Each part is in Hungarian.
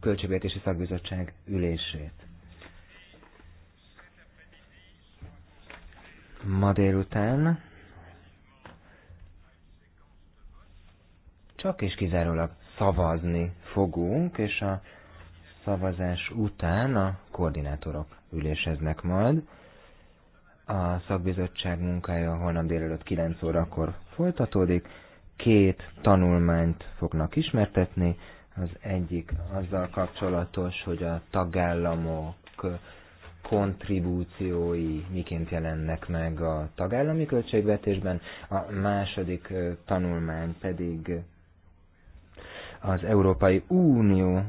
Költségvetési Szakbizottság ülését. Ma délután csak és kizárólag szavazni fogunk, és a szavazás után a koordinátorok üléseznek majd. A szakbizottság munkája holnap délelőtt 9 órakor folytatódik, két tanulmányt fognak ismertetni, az egyik azzal kapcsolatos, hogy a tagállamok kontribúciói miként jelennek meg a tagállami költségvetésben, a második tanulmány pedig az Európai Unió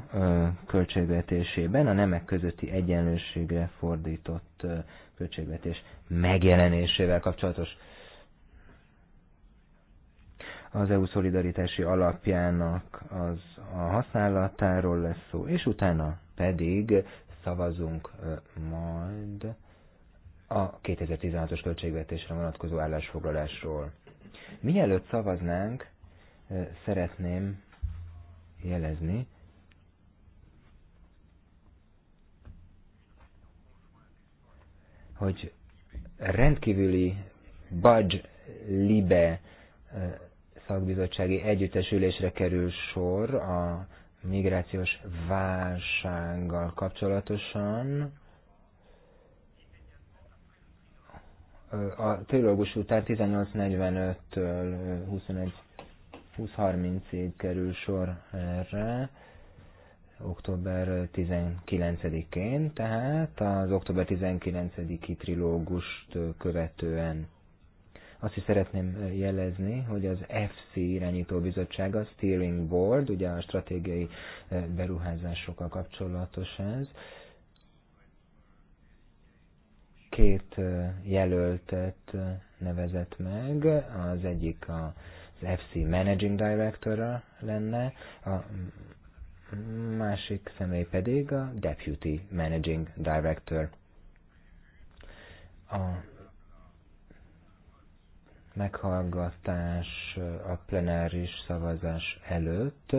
költségvetésében a nemek közötti egyenlőségre fordított költségvetés megjelenésével kapcsolatos az EU szolidaritási alapjának az a használatáról lesz szó, és utána pedig szavazunk majd a 2016-os költségvetésre vonatkozó állásfoglalásról. Mielőtt szavaznánk, szeretném jelezni, hogy rendkívüli Budge Libe szakbizottsági együttesülésre kerül sor a migrációs válsággal kapcsolatosan. A trilógus után 18.45-től 21 20.30-ig kerül sor erre, október 19-én, tehát az október 19-i trilógust követően azt is szeretném jelezni, hogy az FC irányító a Steering Board, ugye a stratégiai beruházásokkal kapcsolatos ez, két jelöltet nevezett meg, az egyik az FC Managing director lenne, a másik személy pedig a Deputy Managing Director. A meghallgatás a plenáris szavazás előtt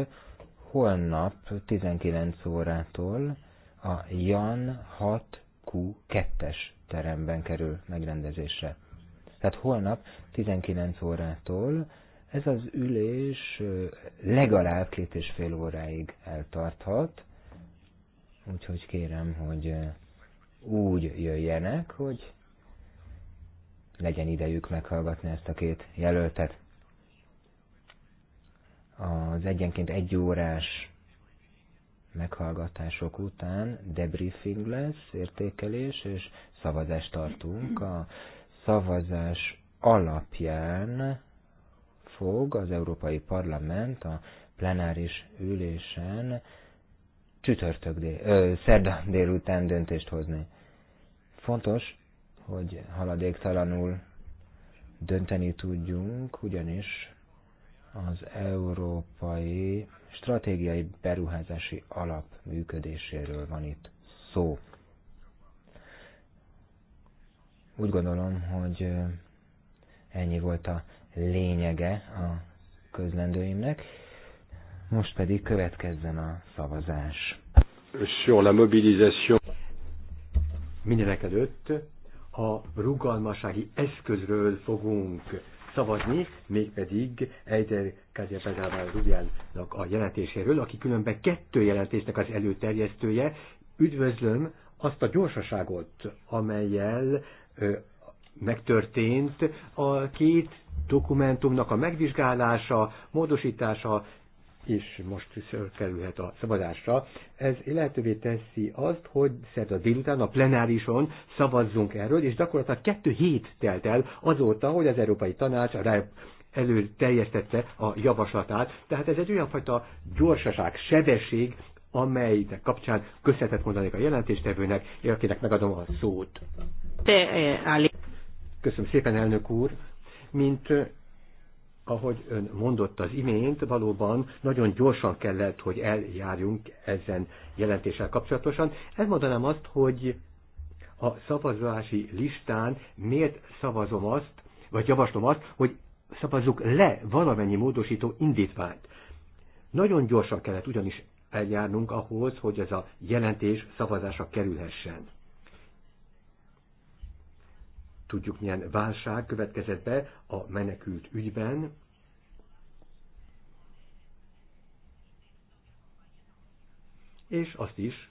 holnap 19 órától a Jan 6Q2-es teremben kerül megrendezésre. Tehát holnap 19 órától ez az ülés legalább két és fél óráig eltarthat, úgyhogy kérem, hogy úgy jöjjenek, hogy legyen idejük meghallgatni ezt a két jelöltet. Az egyenként egy órás meghallgatások után debriefing lesz, értékelés, és szavazást tartunk. A szavazás alapján fog az Európai Parlament a plenáris ülésen csütörtök dél, ö, szerda délután döntést hozni. Fontos, hogy haladéktalanul dönteni tudjunk, ugyanis az európai stratégiai beruházási alap működéséről van itt szó. Úgy gondolom, hogy ennyi volt a lényege a közlendőimnek. Most pedig következzen a szavazás. Sur la mobilisation. Mindenek előtt a rugalmasági eszközről fogunk szavazni, mégpedig Eider Kadir Pezával a jelentéséről, aki különben kettő jelentésnek az előterjesztője. Üdvözlöm azt a gyorsaságot, amelyel ö, megtörtént a két dokumentumnak a megvizsgálása, módosítása és most kerülhet a szabadásra. Ez lehetővé teszi azt, hogy szerda délután a plenárison szavazzunk erről, és gyakorlatilag kettő hét telt el azóta, hogy az Európai Tanács rá elő teljesítette a javaslatát. Tehát ez egy olyan fajta gyorsaság, sebesség, amelynek kapcsán köszönetet mondanék a jelentéstevőnek, akinek megadom a szót. Te eh, Köszönöm szépen, elnök úr. Mint eh, ahogy ön mondott az imént, valóban nagyon gyorsan kellett, hogy eljárjunk ezen jelentéssel kapcsolatosan. Elmondanám azt, hogy a szavazási listán miért szavazom azt, vagy javaslom azt, hogy szavazzuk le valamennyi módosító indítványt. Nagyon gyorsan kellett ugyanis eljárnunk ahhoz, hogy ez a jelentés szavazásra kerülhessen tudjuk milyen válság következett be a menekült ügyben, és azt is,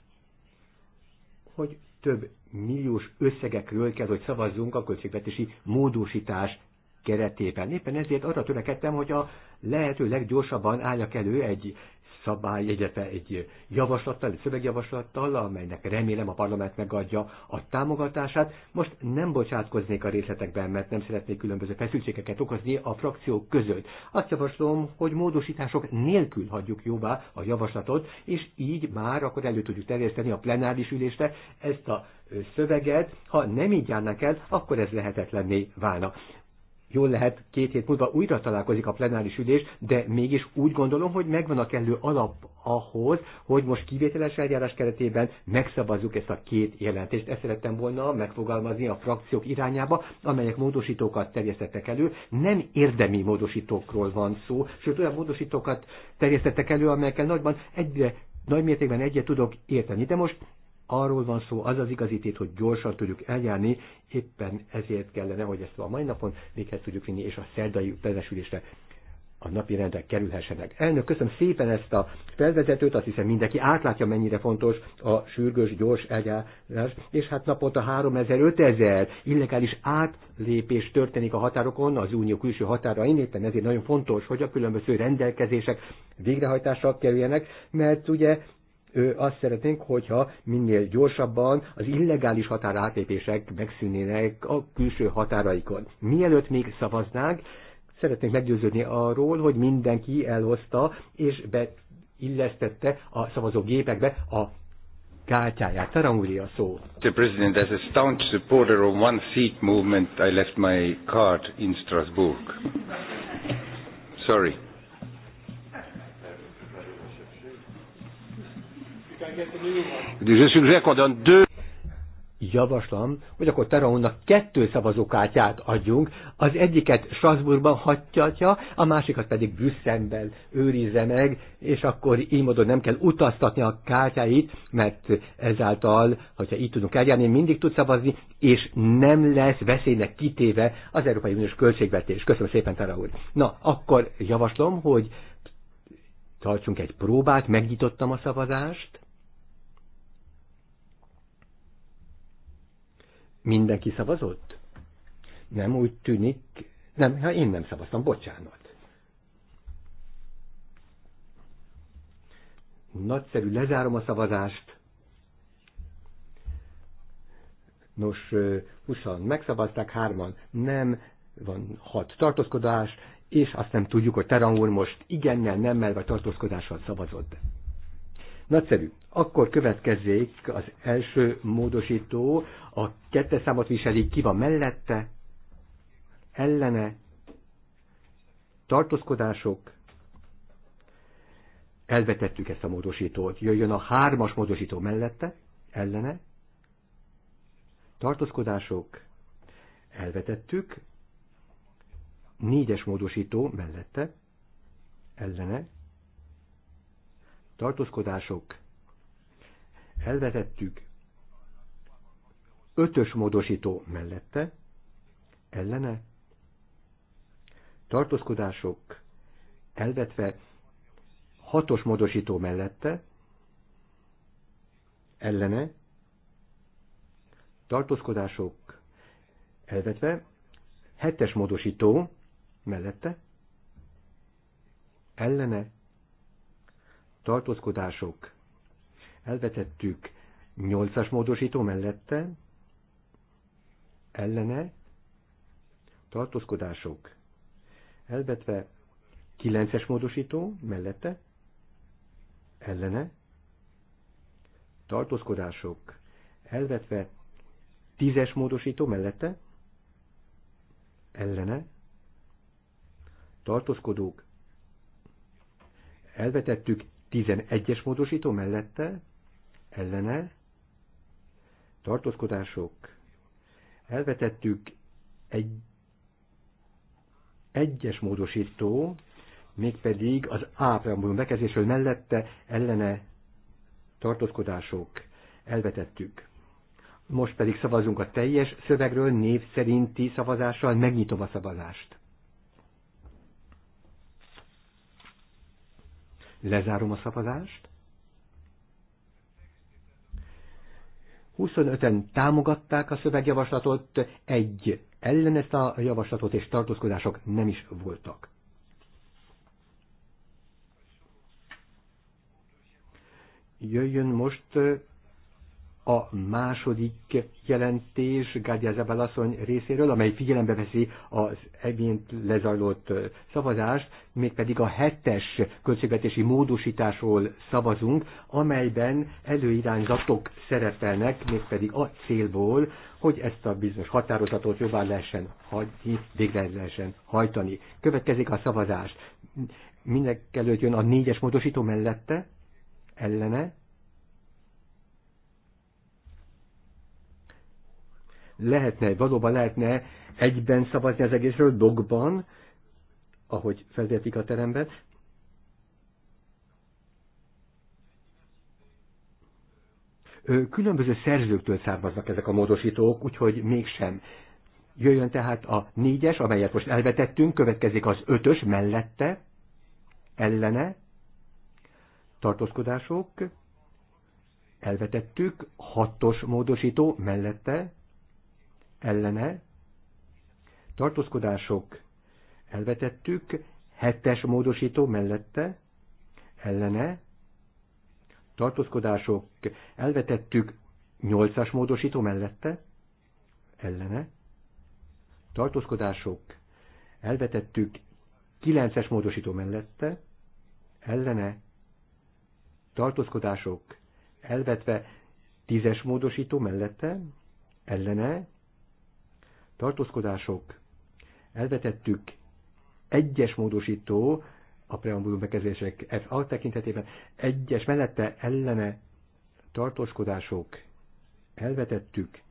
hogy több milliós összegekről kell, hogy szavazzunk a költségvetési módosítás keretében. Éppen ezért arra törekedtem, hogy a lehető leggyorsabban álljak elő egy szabály, illetve egy javaslattal, egy szövegjavaslattal, amelynek remélem a parlament megadja a támogatását. Most nem bocsátkoznék a részletekben, mert nem szeretnék különböző feszültségeket okozni a frakciók között. Azt javaslom, hogy módosítások nélkül hagyjuk jobbá a javaslatot, és így már akkor elő tudjuk terjeszteni a plenáris ülésre ezt a szöveget, ha nem így járnak el, akkor ez lehetetlenné válna jól lehet két hét múlva újra találkozik a plenáris ülés, de mégis úgy gondolom, hogy megvan a kellő alap ahhoz, hogy most kivételes eljárás keretében megszabazzuk ezt a két jelentést. Ezt szerettem volna megfogalmazni a frakciók irányába, amelyek módosítókat terjesztettek elő. Nem érdemi módosítókról van szó, sőt olyan módosítókat terjesztettek elő, amelyekkel nagyban egyre nagy mértékben egyet tudok érteni. De most arról van szó, az az igazítét, hogy gyorsan tudjuk eljárni, éppen ezért kellene, hogy ezt a mai napon véghez tudjuk vinni, és a szerdai felvesülésre a napi rendre kerülhessenek. Elnök, köszönöm szépen ezt a felvezetőt, azt hiszem mindenki átlátja, mennyire fontos a sürgős, gyors eljárás, és hát naponta 3000-5000 illegális átlépés történik a határokon, az unió külső határain, éppen ezért nagyon fontos, hogy a különböző rendelkezések végrehajtásra kerüljenek, mert ugye azt szeretnénk, hogyha minél gyorsabban az illegális határátlépések megszűnnének a külső határaikon. Mielőtt még szavaznánk, szeretnénk meggyőződni arról, hogy mindenki elhozta és beillesztette a szavazógépekbe a kártyáját. Taranguli a szó. The President, as a staunch supporter of one seat movement, I left my card in Strasbourg. Sorry. Je suggère qu'on donne deux javaslom, hogy akkor Teraunnak kettő szavazókártyát adjunk, az egyiket Strasbourgban hagyja, a másikat pedig Brüsszelben őrizze meg, és akkor így módon nem kell utaztatni a kártyáit, mert ezáltal, hogyha így tudunk eljárni, mindig tud szavazni, és nem lesz veszélynek kitéve az Európai Uniós költségvetés. Köszönöm szépen, Tera úr. Na, akkor javaslom, hogy tartsunk egy próbát, megnyitottam a szavazást, Mindenki szavazott? Nem, úgy tűnik. Nem, ha én nem szavaztam, bocsánat. Nagyszerű, lezárom a szavazást. Nos, 20 megszavazták, hárman nem, van hat tartózkodás, és azt nem tudjuk, hogy terangul most igennel, nemmel vagy tartózkodással szavazott. Nagyszerű. Akkor következzék az első módosító, a kettes számot viseli, ki van mellette, ellene, tartózkodások, elvetettük ezt a módosítót, jöjjön a hármas módosító mellette, ellene, tartózkodások, elvetettük, négyes módosító mellette, ellene, tartózkodások, elvetettük, ötös módosító mellette, ellene, tartózkodások, elvetve, hatos módosító mellette, ellene, tartózkodások, elvetve, hetes módosító mellette, ellene, tartózkodások, elvetettük 8-as módosító mellette, ellene, tartózkodások, elvetve 9-es módosító mellette, ellene, tartózkodások, elvetve 10-es módosító mellette, ellene, tartózkodók, elvetettük 11-es módosító mellette, ellene, tartózkodások, elvetettük egy egyes módosító, mégpedig az A preambulum bekezésről mellette ellene tartózkodások elvetettük. Most pedig szavazunk a teljes szövegről, név szerinti szavazással, megnyitom a szavazást. Lezárom a szavazást. 25-en támogatták a szövegjavaslatot, egy ezt a javaslatot, és tartózkodások nem is voltak. Jöjjön most a második jelentés Gádia Zabalasszony részéről, amely figyelembe veszi az egyént lezajlott szavazást, mégpedig a hetes költségvetési módosításról szavazunk, amelyben előirányzatok szerepelnek, mégpedig a célból, hogy ezt a bizonyos határozatot jobbá lehessen hagyni, végre lehessen hajtani. Következik a szavazás. Mindenek előtt jön a négyes módosító mellette, ellene, lehetne, valóban lehetne egyben szavazni az egészről, dogban, ahogy felvetik a teremben. Különböző szerzőktől származnak ezek a módosítók, úgyhogy mégsem. Jöjjön tehát a négyes, amelyet most elvetettünk, következik az ötös mellette, ellene, tartózkodások, elvetettük, hatos módosító mellette, ellene, tartózkodások elvetettük, hetes módosító mellette, ellene, tartózkodások elvetettük, nyolcas módosító mellette, ellene, tartózkodások elvetettük, kilences módosító mellette, ellene, tartózkodások elvetve, tízes módosító mellette, ellene, tartózkodások, elvetettük egyes módosító, a preambulum bekezdések FA tekintetében, egyes mellette ellene tartózkodások, elvetettük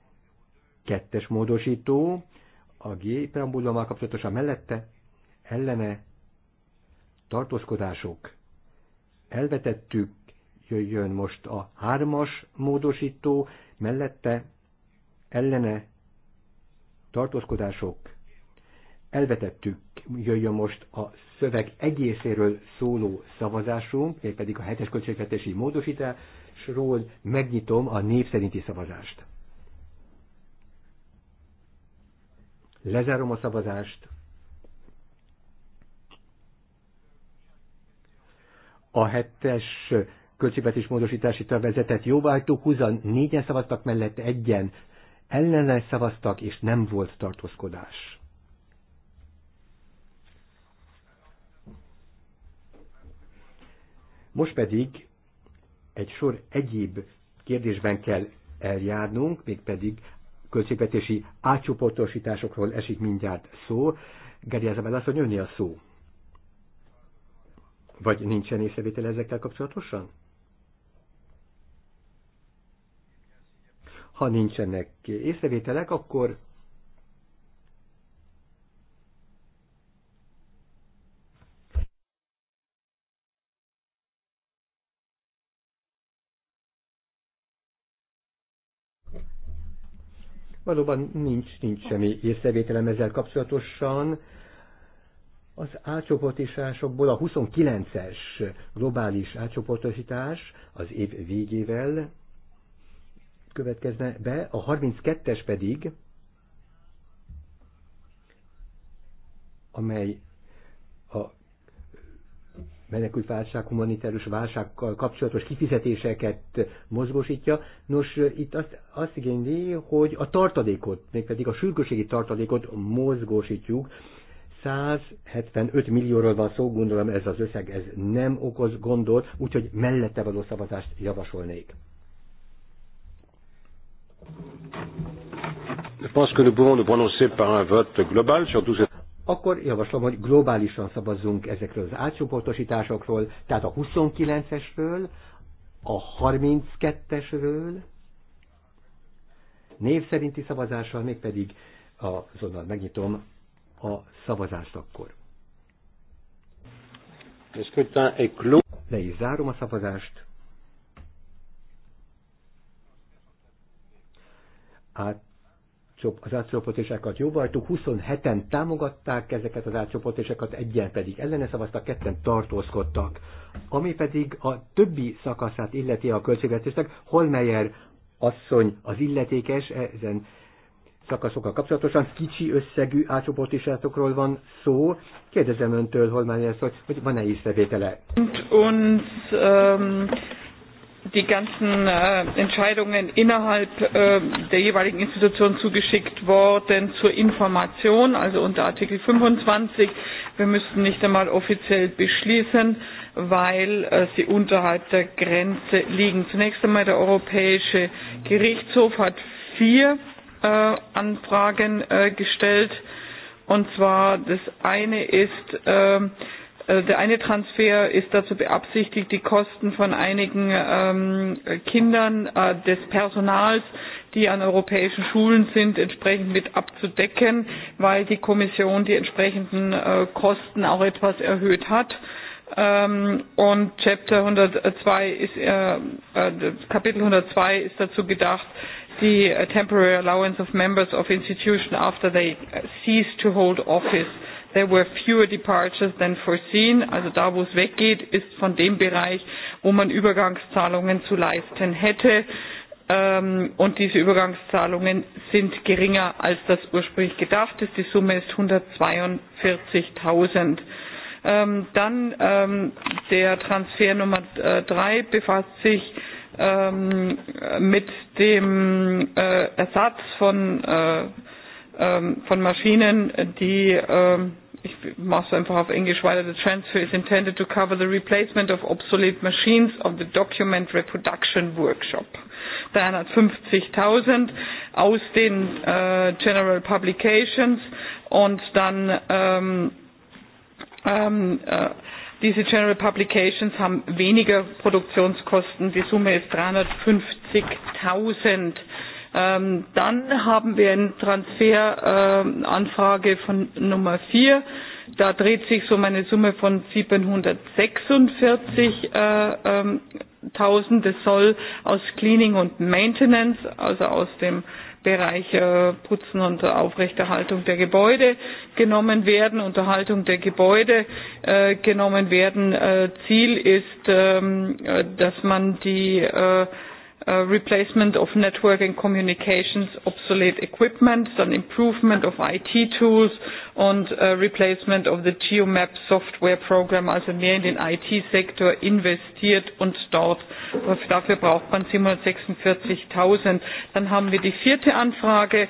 kettes módosító, a G preambulummal kapcsolatosan mellette ellene tartózkodások, elvetettük, jöjjön most a hármas módosító, mellette ellene tartózkodások elvetettük, jöjjön most a szöveg egészéről szóló szavazásunk, pedig a hetes költségvetési módosításról megnyitom a név szerinti szavazást. Lezárom a szavazást. A hetes költségvetés módosítási tervezetet jóváltuk, 24-en szavaztak mellett, egyen ellene szavaztak, és nem volt tartózkodás. Most pedig egy sor egyéb kérdésben kell eljárnunk, mégpedig költségvetési átcsoportosításokról esik mindjárt szó. Geri Ezabel azt, hogy a szó. Vagy nincsen észrevétel ezekkel kapcsolatosan? Ha nincsenek észrevételek, akkor valóban nincs, nincs semmi észrevételem ezzel kapcsolatosan. Az átcsoportosításokból a 29-es globális átcsoportosítás az év végével következne be, a 32-es pedig, amely a menekült válság, humanitárius válsággal kapcsolatos kifizetéseket mozgósítja. Nos, itt azt, azt igényli, hogy a tartalékot, mégpedig a sürgőségi tartalékot mozgósítjuk. 175 millióról van szó, gondolom ez az összeg, ez nem okoz gondot, úgyhogy mellette való szavazást javasolnék. Akkor javaslom, hogy globálisan szavazzunk ezekről az átcsoportosításokról, tehát a 29-esről, a 32-esről, név szerinti szavazással, mégpedig azonnal megnyitom a szavazást akkor. Le is zárom a szavazást. át az átcsoportosításokat jóvajtuk, 27-en támogatták ezeket az átcsoportosításokat, egyen pedig ellene szavaztak, ketten tartózkodtak. Ami pedig a többi szakaszát illeti a költségvetésnek, Holmeyer asszony az illetékes ezen szakaszokkal kapcsolatosan kicsi összegű átcsoportosításokról van szó. Kérdezem öntől, Holmeyer asszony, hogy van-e észrevétele? Und, und, um die ganzen äh, Entscheidungen innerhalb äh, der jeweiligen Institution zugeschickt worden zur Information, also unter Artikel 25. Wir müssten nicht einmal offiziell beschließen, weil äh, sie unterhalb der Grenze liegen. Zunächst einmal der Europäische Gerichtshof hat vier äh, Anfragen äh, gestellt. Und zwar das eine ist, äh, Äh, der eine Transfer ist dazu beabsichtigt, die Kosten von einigen ähm, Kindern äh, des Personals, die an europäischen Schulen sind, entsprechend mit abzudecken, weil die Kommission die entsprechenden äh, Kosten auch etwas erhöht hat. Ähm, und Chapter 102 ist, äh, äh Kapitel 102 ist dazu gedacht, the äh, temporary allowance of members of institution after they cease to hold office there were fewer departures than foreseen. Also da, wo es weggeht, ist von dem Bereich, wo man Übergangszahlungen zu leisten hätte. Ähm, und diese Übergangszahlungen sind geringer, als das ursprünglich gedacht ist. Die Summe ist 142.000. Ähm, dann ähm, der Transfer Nummer 3 äh, befasst sich ähm, mit dem äh, Ersatz von, äh, ähm, von Maschinen, die ähm, ich mache es einfach auf Englisch weiter. The transfer is intended to cover the replacement of obsolete machines of the Document Reproduction Workshop. 350.000 aus den äh, General Publications und dann ähm, ähm, äh, diese General Publications haben weniger Produktionskosten. Die Summe ist 350.000 Ähm, dann haben wir eine Transferanfrage äh, von Nummer 4. Da dreht sich so um eine Summe von 746.000. Äh, ähm, das soll aus Cleaning und Maintenance, also aus dem Bereich äh, Putzen und Aufrechterhaltung der Gebäude genommen werden, Unterhaltung der Gebäude genommen werden. Ziel ist, ähm, dass man die Uh, replacement of network and communications obsolete equipment, on improvement of IT tools, and uh, replacement of the GeoMap software program, also mehr in den IT-Sektor investiert und dort. Dafür braucht man 746.000. Dann haben wir die vierte Anfrage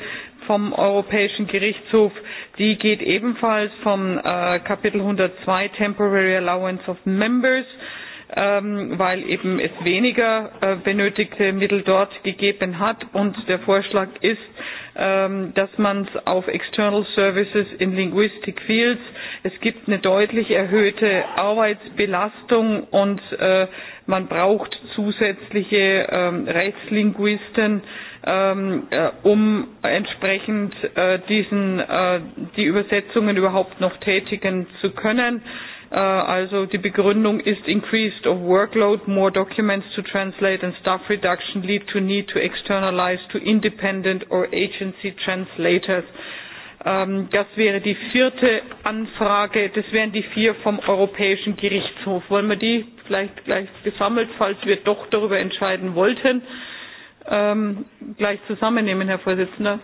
vom Europäischen Gerichtshof, die geht ebenfalls vom äh, Kapitel 102 Temporary Allowance of Members Ähm, weil eben es weniger äh, benötigte Mittel dort gegeben hat. Und der Vorschlag ist, ähm, dass man es auf External Services in Linguistic Fields, es gibt eine deutlich erhöhte Arbeitsbelastung und äh, man braucht zusätzliche ähm, Rechtslinguisten, äh, um entsprechend diesen, die Übersetzungen überhaupt noch tätigen zu können Uh, also die Begründung ist increased of workload, more documents to translate and staff reduction lead to need to externalize to independent or agency translators. Um, das wäre die vierte Anfrage. Das wären die vier vom Europäischen Gerichtshof. Wollen wir die vielleicht gleich gesammelt, falls wir doch darüber entscheiden wollten, ähm, gleich zusammennehmen, Herr Vorsitzender?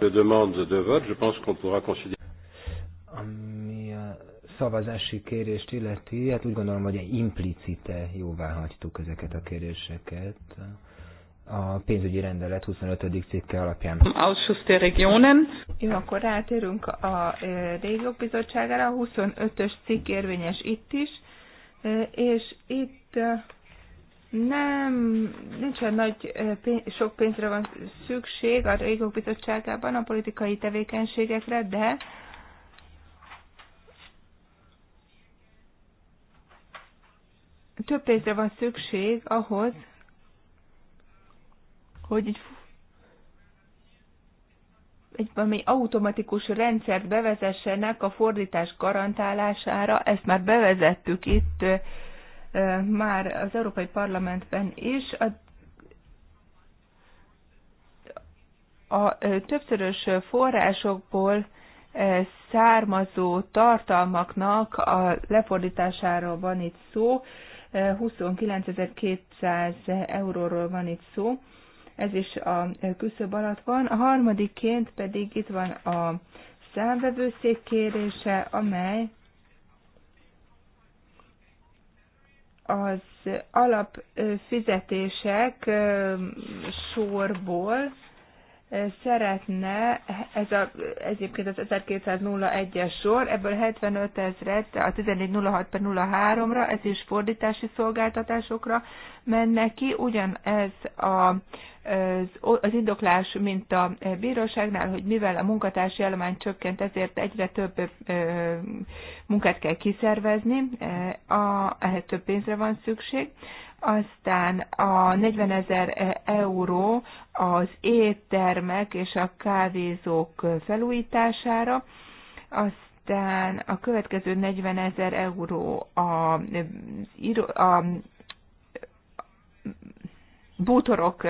de demande de vote, je pense qu'on pourra considérer. Ami a szavazási kérést illeti, hát úgy gondolom, hogy implicite jóvá hagytuk ezeket a kéréseket a pénzügyi rendelet 25. cikke alapján. Ausschuss der Regionen. Jó, akkor rátérünk a régiók bizottságára, a 25-ös cikk érvényes itt is, és itt nem, nincs olyan nagy, sok pénzre van szükség a Régók Bizottságában a politikai tevékenységekre, de több pénzre van szükség ahhoz, hogy egy, egy valami automatikus rendszert bevezessenek a fordítás garantálására. Ezt már bevezettük itt már az Európai Parlamentben is. A a többszörös forrásokból származó tartalmaknak a lefordításáról van itt szó, 29.200 euróról van itt szó, ez is a küszöb alatt van. A harmadikként pedig itt van a számvevőszék kérése, amely az alapfizetések sorból szeretne, ez a, egyébként az 1201-es sor, ebből 75 ezret a 1406 per 03-ra, ez is fordítási szolgáltatásokra menne ki, ugyanez a, az, az indoklás, mint a bíróságnál, hogy mivel a munkatársi állomány csökkent, ezért egyre több munkát kell kiszervezni, a, ehhez több pénzre van szükség aztán a 40 ezer euró az éttermek és a kávézók felújítására, aztán a következő 40 ezer euró a, a bútorok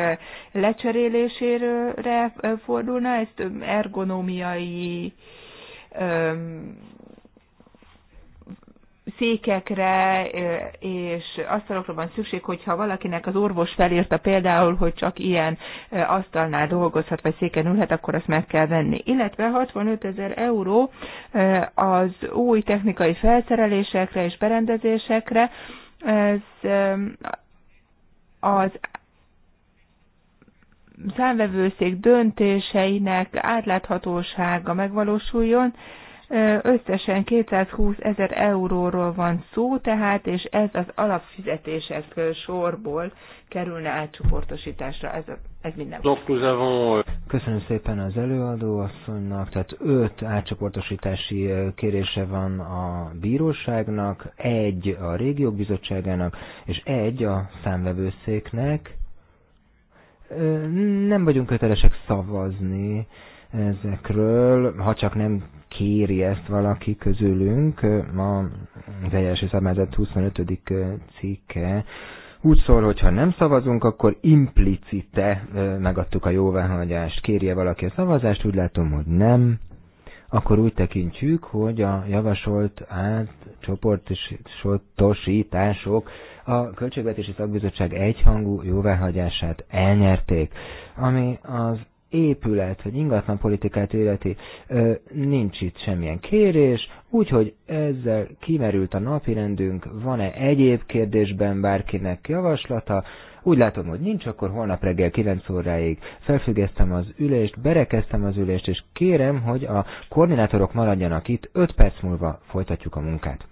lecserélésére fordulna, ezt ergonómiai székekre és asztalokra van szükség, hogyha valakinek az orvos felírta például, hogy csak ilyen asztalnál dolgozhat, vagy széken ülhet, akkor azt meg kell venni. Illetve 65 ezer euró az új technikai felszerelésekre és berendezésekre, ez az számvevőszék döntéseinek átláthatósága megvalósuljon, Összesen 220 ezer euróról van szó, tehát, és ez az alapfizetések sorból kerülne átcsoportosításra. Ez, a, ez minden. Euh, Köszönöm szépen az előadó asszonynak, tehát öt átcsoportosítási kérése van a bíróságnak, egy a régiók bizottságának, és egy a számvevőszéknek. Nem vagyunk kötelesek szavazni, ezekről, ha csak nem kéri ezt valaki közülünk, ma az első szabályzat 25. cikke úgy szól, hogyha nem szavazunk, akkor implicite megadtuk a jóváhagyást. Kérje valaki a szavazást, úgy látom, hogy nem, akkor úgy tekintjük, hogy a javasolt átcsoportosítások a Költségvetési Szakbizottság egyhangú jóváhagyását elnyerték, ami az épület, vagy ingatlan politikát életi nincs itt semmilyen kérés, úgyhogy ezzel kimerült a napirendünk, van-e egyéb kérdésben bárkinek javaslata, úgy látom, hogy nincs, akkor holnap reggel 9 óráig felfüggesztem az ülést, berekeztem az ülést, és kérem, hogy a koordinátorok maradjanak itt, 5 perc múlva folytatjuk a munkát.